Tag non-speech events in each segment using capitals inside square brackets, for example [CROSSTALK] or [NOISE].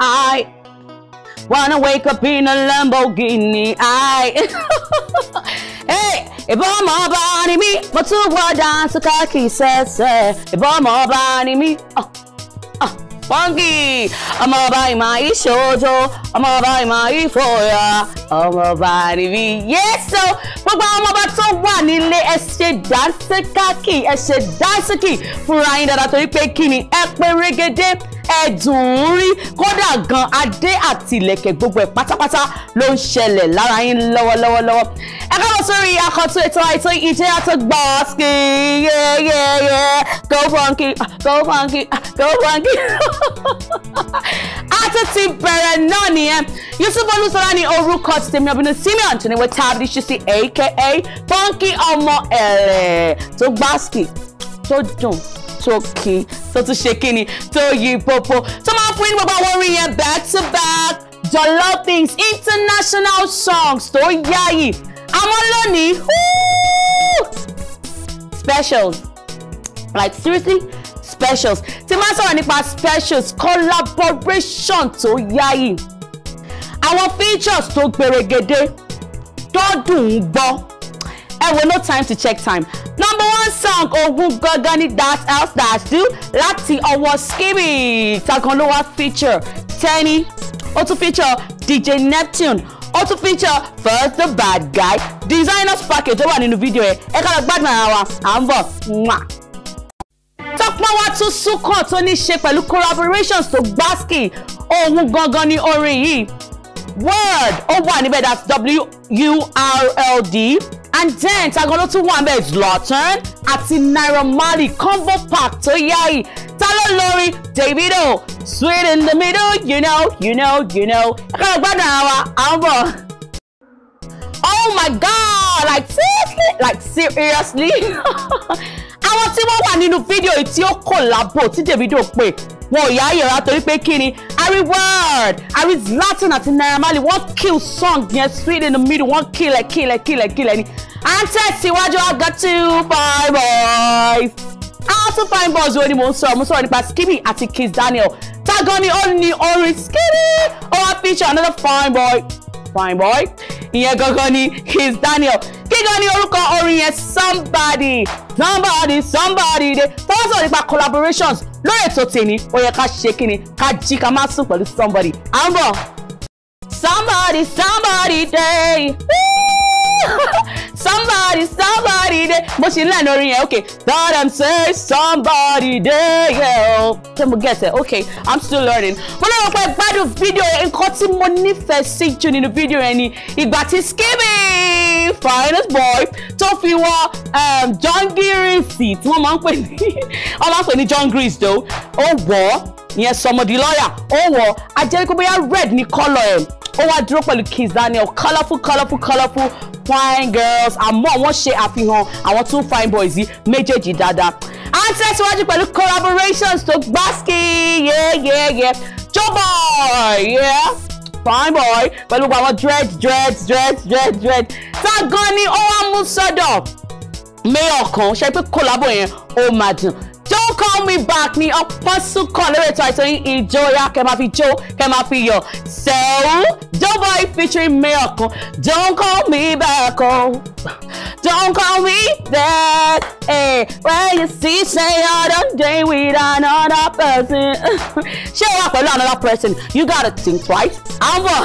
I wanna wake up in a Lamborghini. I [LAUGHS] hey, if I'm ìbọn ọmọ ọba ni mí, mo tún wọ dáńsì káàkì sẹ́sẹ̀. ìbọn ọmọ ọba ni mí. Pọ́ńkì ah, ah, ọmọ ọba ìmọ̀ ìṣòjò ọmọ ọba ìmọ̀ I'm a ọba me, yes, Yéso But I'm ọba tó wà nílé ẹ ṣe dáńsì káàkì ẹ ṣe dáńsì kì fúnra yín that torí pé kí ni ẹ reggae dip ẹ̀dùn ún rí kódà gan adé àti ìlẹ̀kẹ̀ gbogbo ẹ̀ pátápátá ló ń ṣẹlẹ̀ lára yín lọ́wọ́lọ́wọ́lọ́wọ́ ẹ káàbọ̀ sórí àkọ́tún ètò àìtàn ìjẹ́yà tó gbọ́ yẹ́yẹ́yẹ́ go funky ah, go funky ah, go funky [LAUGHS] a tún ti bẹ̀rẹ̀ náà nìyẹn Yusuf Olúṣọlá ní orúkọ ti tèmi obìnrin Simeon tó ní wọ́n tábìlì ṣí sí aka funky ọmọ ẹ̀rẹ̀ tó gbásìkì tó dùn tòkì tó tún ṣe kíni tó yí pópó tó máa fún yín gbogbo àwọn orin yẹn back to back jollophings international songs tó yáyì àmọ́ lónìí specials like seriously specials tí máa sọ̀rọ̀ nípa specials collaboration tó yáyì àwọn features tó gbèrègede tó dùn ún gbọ́ ẹ wo no time to check time number one song ogun gangan ni dash house dash do láti ọwọ́ skimmy takan ló wá feature tẹ́ni ó tún feature dj neptune ó tún feature first the bad guy designers package ó wà nínú fídíò ẹ ẹ ká lọ gbádùn ara wa à ń bọ̀ tọ́pọ́n wa tún sún kàn tó ní ṣe pẹ̀lú collaborations tó gbásky ohun gangan ni orin yìí word ó wà níbẹ̀ that's w-u-r-l-d and then tagan ló tún wà níbẹ̀ zlatan àti naira marley combo pack tó yá yìí ta ló lórí davido sweet in the middle you know you know you know ẹ kọ́ ló gbádùn ara wa àwọn bọ̀ oh my god like seriously like seriously [LAUGHS] àwọn tí wọ́n wà nínú fídíò yìí tí ó kò lábò tí davido pè wọn ò yá yẹra torí pé kí ni ari world ari Zlatan àti Naira Marley wọ́n kill song yẹn sweet in the middle wọ́n kill ẹ̀ kill ẹ̀ kill ẹ̀ kill ẹ̀ ni à ń tẹ̀síwájú ọgá two fine boys àwọn two fine boys wo ni mò ń sọ̀rọ̀ mo sọ̀rọ̀ nípa Skibidi àti Kiss Daniel tágan ni ó ní orin Skibidi ó wá feature another fine boy fine boy ìyẹn gangan ni Kiss Daniel kí gan orúkọ orin yẹn somebody somebody somebody de tọ́wọ́sọ̀ nípa collaborations lórí ètò tèmi ó yẹ ká ṣe kí ni ká jí ká má sùn pẹ̀lú somebody à ń bọ̀ somebody somebody day [LAUGHS] somebody somebody day mo ṣe nílànà orin yẹn okay that i'm say somebody day yeah o ṣé mo get it okay i'm still learning mo lọ́wọ́ pé gbádùn fídíò nǹkan tí mo nífẹ̀ẹ́ sí jù nínú fídíò yẹn ni ìgbà tí skimming finest boy tó fi wọ um, John Grease tí wọ́n máa ń pè ní [LAUGHS] wọ́n máa ń pè ní John Grease tó ó wọ̀ ọ́ ìyẹn sọmọdì lọ́ọ̀yà ó wọ̀ ajẹ́ríkó bóyá red ní kọ́lọ̀ ẹ̀ ó wá dúró pẹ̀lú Kiss Daniel colourful colourful colourful fine girls àmọ́ wọ́n ṣe àfihàn àwọn two fine boys yìí méjèèjì dáadáa à ń tẹ̀síwájú pẹ̀lú collaborations tó gbásíkì yẹ́yẹ́yẹ́ Joe Boy yeah. Fine boy pẹ̀lú àwọn dread dread dread dread dread tá a gan ni ó wá mú sọ́dọ̀ mayor kan ṣe pé kòlábò yẹn ó máa dùn don't call me back ni ọpọ́sùn kan lórí ètò àìsàn yín ìjọra kẹ máa fi jó kẹ máa fi yọ sẹ́wọ́n doughboy featuring mayor kan don't call me back Oh. Don't call me that. Hey, eh, when you see say other day with another person. Ṣé wà pẹ̀lú another person? You gotta think twice. Àmọ́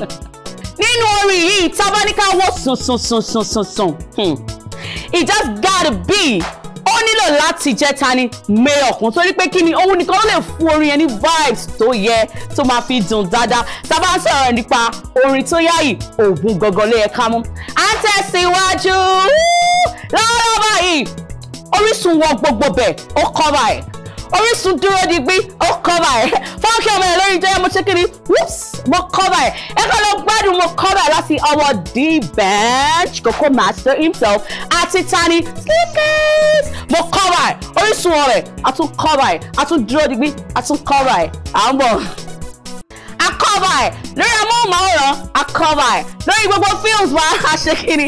[LAUGHS] nínú orin yìí tábánikà wọ̀ So so so so so so. It just gotta be ó nílò láti jetani tani mayor kan torí pé kí ni òun any vibes tó yẹ So my feet don't dáadáa tá a bá ń sọ̀rọ̀ nípa orin tó yáyì òògùn gangan ló yẹ ká tẹ̀síwájú lọ́wọ́ báyìí Orísun wọ gbogbo bẹ̀ ó kọ́ báyìí Orísun dúró digbí ó kọ́ báyìí fọ́ọ̀kì ọmọ ẹ̀ lórí jẹ́ mo ṣe kiri whoops mo kọ́ báyìí ẹ kọ́ ló gbádùn mo kọ́ báyìí láti ọwọ́ D-Bench Koko Master himself àti tani Slippers mo kọ́ báyìí Orísun ọ̀rẹ́ àtún kọ́ báyìí àtún dúró digbí àtún kọ́ báyìí à bọ̀. I cover lórí amóhùnmáwòrán àkọ́bà ẹ̀ lórí gbogbo films wa àṣekínni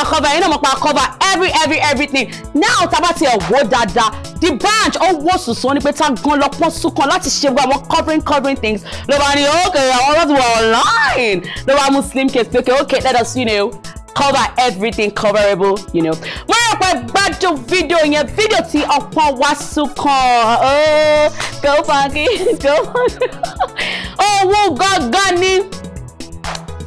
àkọ́bà yìí náà mọ̀ pa àkọ́bà every every everything now tá a bá ti ẹ̀ wò dáadáa the branch ó wò sùsùn ó ní pé tá gan lọ́pọ̀ sùkàn láti ṣe gbogbo àwọn covering covering things ló bá ní ok àwọn ọlọ́dún wà online ló bá muslim case pé ok ok let us you know cover everything coverable you know. Well, gbádùn fídíò yẹn fídíò tí ọ̀pọ̀ wá sùn kàn ó oh, go funky [LAUGHS] go funky owó gangan ní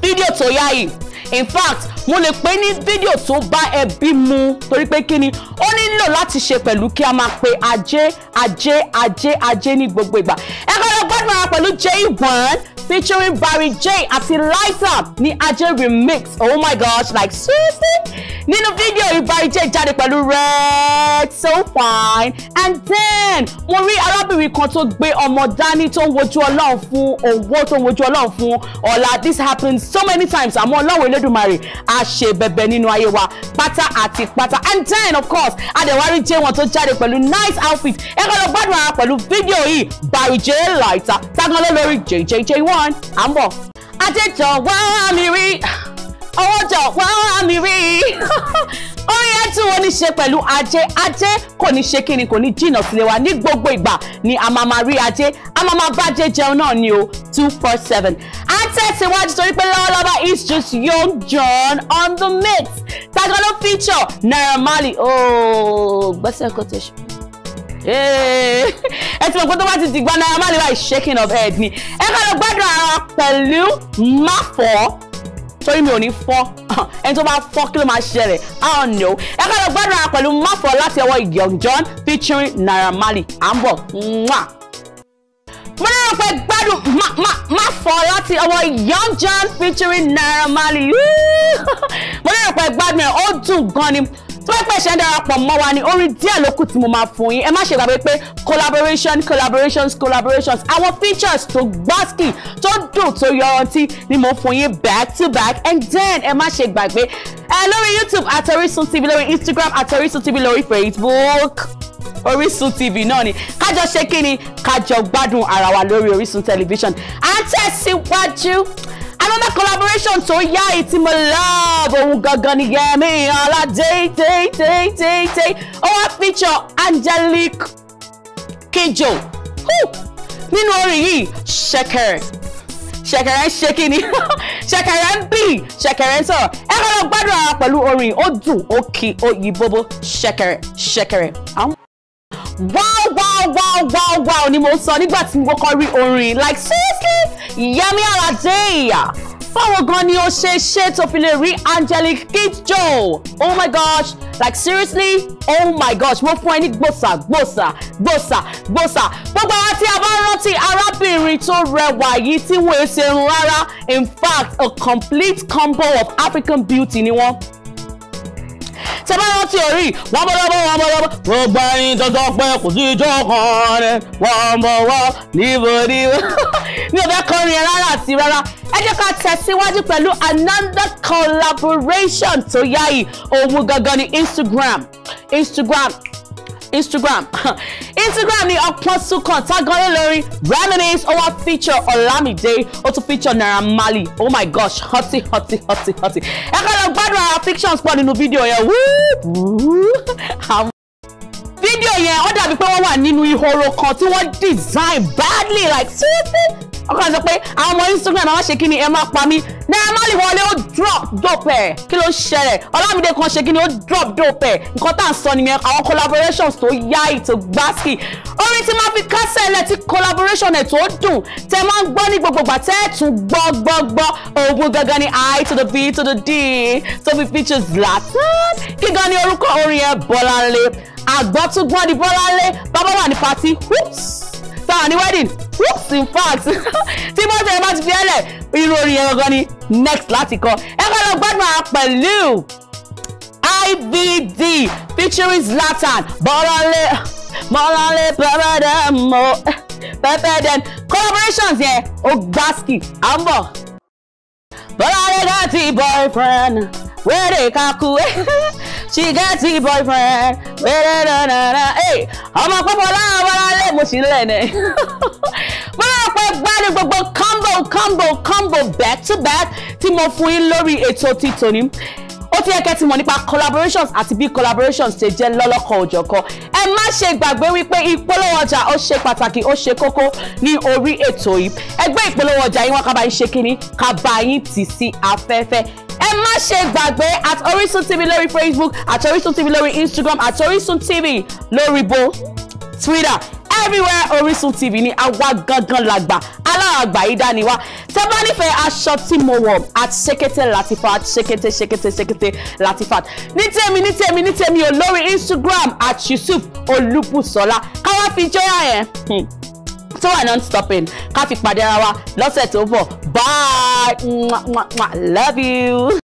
fídíò tó yá yìí in fact mo lè pè ní fídíò tó bá ẹbí mu torí pé kí ni ó nílò láti ṣe pẹ̀lú kí a máa pe ajé ajé ajé ajé ní gbogbo ìgbà ẹ lọ gbádùn ara pẹ̀lú j1 featuring Barry J àti Light Up ní Ajé remix oh my gosh like seriously nínú fídíò yìí Barry J jáde pẹ̀lú red so fine and then mo rí arábìnrin kan tó gbé ọmọ dání tó ń wojú ọlọ́run fún owó tó ń wojú ọlọ́run fún ọ̀la this happens so many times àmọ́ ọlọ́run elédùnmarè á ṣe bẹ̀bẹ̀ nínú ayé wa pátá àti pátá and then of course adẹ̀wárí J wọn tó jáde pẹ̀lú nice outfit ẹ̀kọ́ lọ gbádùn ara pẹ̀lú fídíò yìí Barry J Light Up tágan ló lórí J ìwọ on à ń bọ̀. àtẹ̀jọ̀ wá mi rí ọwọ́ jọ wá mi rí [LAUGHS] orin ẹ tí wọn ní ṣe pẹ̀lú ajé ajé kò ní ṣe kíni kò ní jìnnà sílé wa ní gbogbo ìgbà ni a máa máa rí ajé a máa máa bájé jẹun náà ni o two four seven a tẹ̀síwájú torí pé lọ́wọ́lọ́wọ́ is just young john on the mix tagan ló feature naira marley ooo gbẹ́sẹ̀ kò tó ṣe ẹ ti mọ̀ pé tó bá ti dìgbà náírà má lè wá shaking of head ni ẹ ká lọ gbádùn ara pẹ̀lú má fọ́ torí mi ò ní fọ́ [LAUGHS] ẹni tó bá fọ́ kí ló máa ṣẹlẹ̀ i don't know ẹ ká lọ gbádùn ara pẹ̀lú má fọ́ láti ọwọ́ Young John featuring Naira Marley à ń bọ̀ mo lérò pé gbádùn má má má fọ́ láti ọwọ́ Young John featuring Naira Marley [LAUGHS] mo lérò pé gbádùn ẹ̀ ó dùn gan ni tó bá pẹ̀ṣẹ̀ ń darapọ̀ mọ́ wa ni orin díẹ̀ ló tí mo máa fún yín ẹ má ṣe gbàgbé pé collaboration collaborations collaborations àwọn features tó gbásìkì tó dùn tó yọrantí ni mo fún yín back to back and then ẹ má ṣe gbàgbé ẹ lórí YouTube at Orisun TV lórí Instagram at Orisun TV lórí Facebook. Orísun TV náà ni kájọ ṣe kí ni kájọ gbádùn ara wa lórí Orísun tẹlifíṣàn à ń tẹ̀síwájú another collaboration tó yá ìtí mo love òun gangan ni Yẹmí Aládé tẹ́ tẹ́ tẹ́ tẹ́ ó wá feature Angelique Kidjo nínú orin yìí ṣẹ̀kẹ̀rẹ̀ ṣẹ̀kẹ̀rẹ̀ ń ṣe kí ni [LAUGHS] ṣẹ̀kẹ̀rẹ̀ ń bì ṣẹ̀kẹ̀rẹ̀ ń sọ̀rọ̀ ẹ kọ́ lọ gbádùn ara pẹ̀lú orin ó dùn ó kì ó yí bóbó ṣẹ̀kẹ̀rẹ̀ ṣẹ̀kẹ̀rẹ̀ wow wow wow wow wow ni mo sọ nígbà tí mo kọ́kọ́ rí orin like seriously Yẹmí Aládéyà báwo gan ni o ṣe ṣe tó fi lè rí Angelique Kidjo oh my gosh like seriously oh my gosh mo fún ẹ ní gbòsà gbòsà gbòsà gbòsà gbogbo àwọn tí a bá rántí arábìnrin tó rẹwà yìí tí wọn ò ṣe ń rárá in fact a complete combo of African beauty ni wọn tẹ́bá rántí orí wọ́n bọ́lọ́bọ́ wọ́n bọ́lọ́bọ́ gbogbo ẹyin dandan pé kò sí ijó kan rẹ̀ wọ́n bọ̀ wọ́ níbo níbo. [LAUGHS] mi ò fẹ́ kọrin ẹ rárá àti rárá ẹ jẹ́ ká tẹ̀síwájú pẹ̀lú another collaboration tó yá yìí òun gangan ní Instagram Instagram instagram [LAUGHS] instagram ni ọpọ́n sukan tágọ́lé lórí remedies ó wá feature olamide ó tún feature naira marley oh my gosh hoti hoti hoti hoti ẹ kọ́ lọ gbádùn ara fictions pọ̀ nínú fídíò yẹn wúúú [LAUGHS] fídíò yẹn ó dàbí pé wọ́n wà nínú ihoro kan tí wọ́n design badly like seriously [LAUGHS] ọkàn sọ pé àwọn ọmọ Instagram àwọn ṣe kí ni ẹ máa pa mí Naira Marley wọlé ó drop dope ẹ̀ kí ló ń ṣẹlẹ̀ Ọlámídé kan ṣe kí ni ó drop dope ẹ̀ nǹkan tá à ń sọ nìyẹn àwọn collaborations tó yá ètò gbáàsì orin tí máa fi kásẹ̀ ẹlẹ̀ tí collaboration ẹ̀ tó dùn tẹ máa ń gbọ́ ní gbogbogbà tẹ́ ẹ̀ tún gbọ́ gbọ́ gbọ́ ogun gangan ni i to the b to the d tó fi features Zlatan kí gan ni orúkọ orin ẹ̀ Bọ́láńlé àgbọ̀túngbọ́n ni Bọ́láńlé bàbá wà ní pati whoops tá a wedding whoops in fact tí mọ́tò ẹ bá ti fi ẹlẹ̀ irú orin yẹn gangan ni next láti kọ ẹ kọ́ lọ gbádùn ara pẹ̀lú IBD featuring Zlatan Bọ́láńlé Bọ́láńlé pẹ́pẹ́dẹ́ mọ́ pẹ́pẹ́dẹ́ collaborations yẹn ó gbásìkì à ń bọ̀. Bọ́láńlé got the boyfriend wey dey [LAUGHS] she get the boyfriend Hey, nànàna ẹ̀ ọmọ pẹ́pọ̀ láwọn ọmọlá lè [LAUGHS] mo sì ń lẹ̀ ní. mo gbogbo combo combo combo back to back tí mo fún yín lórí ètò ti tòní ó ti yẹ ti mọ̀ nípa collaborations àti bí collaborations ṣe jẹ́ lọ́lọ́kan òjọ̀kan ẹ má ṣe gbàgbé wípé ìpolówó ọjà ó ṣe pàtàkì ó ṣe kókó ní orí ètò yìí ẹgbẹ́ ìpolówó ọjà yín wọ́n ká bá yín ṣe kínní ká bá yín tì sí afẹ́fẹ́ ẹ má ṣe gbàgbé at Orisun TV lórí Facebook at Orisun TV lórí Instagram at Orisun TV lórí bo Twitter everywhere Orisun TV ni àwa gangan lagba aláràgbà yìí dání wa tẹ bá nífẹ̀ẹ́ aṣọ tí mo wọ̀ at ṣekete latifat ṣekete ṣekete ṣekete latifat ní tèmi ní tèmi ní tèmi o lórí Instagram at Yusuf Olúbùsọ́lá káwá fi jọra yẹn. Hmm tó wà non-stopping ká fi pàdé ara wa lọ́sẹ̀ tó bọ̀ bye mwah, mwah, mwah. love you.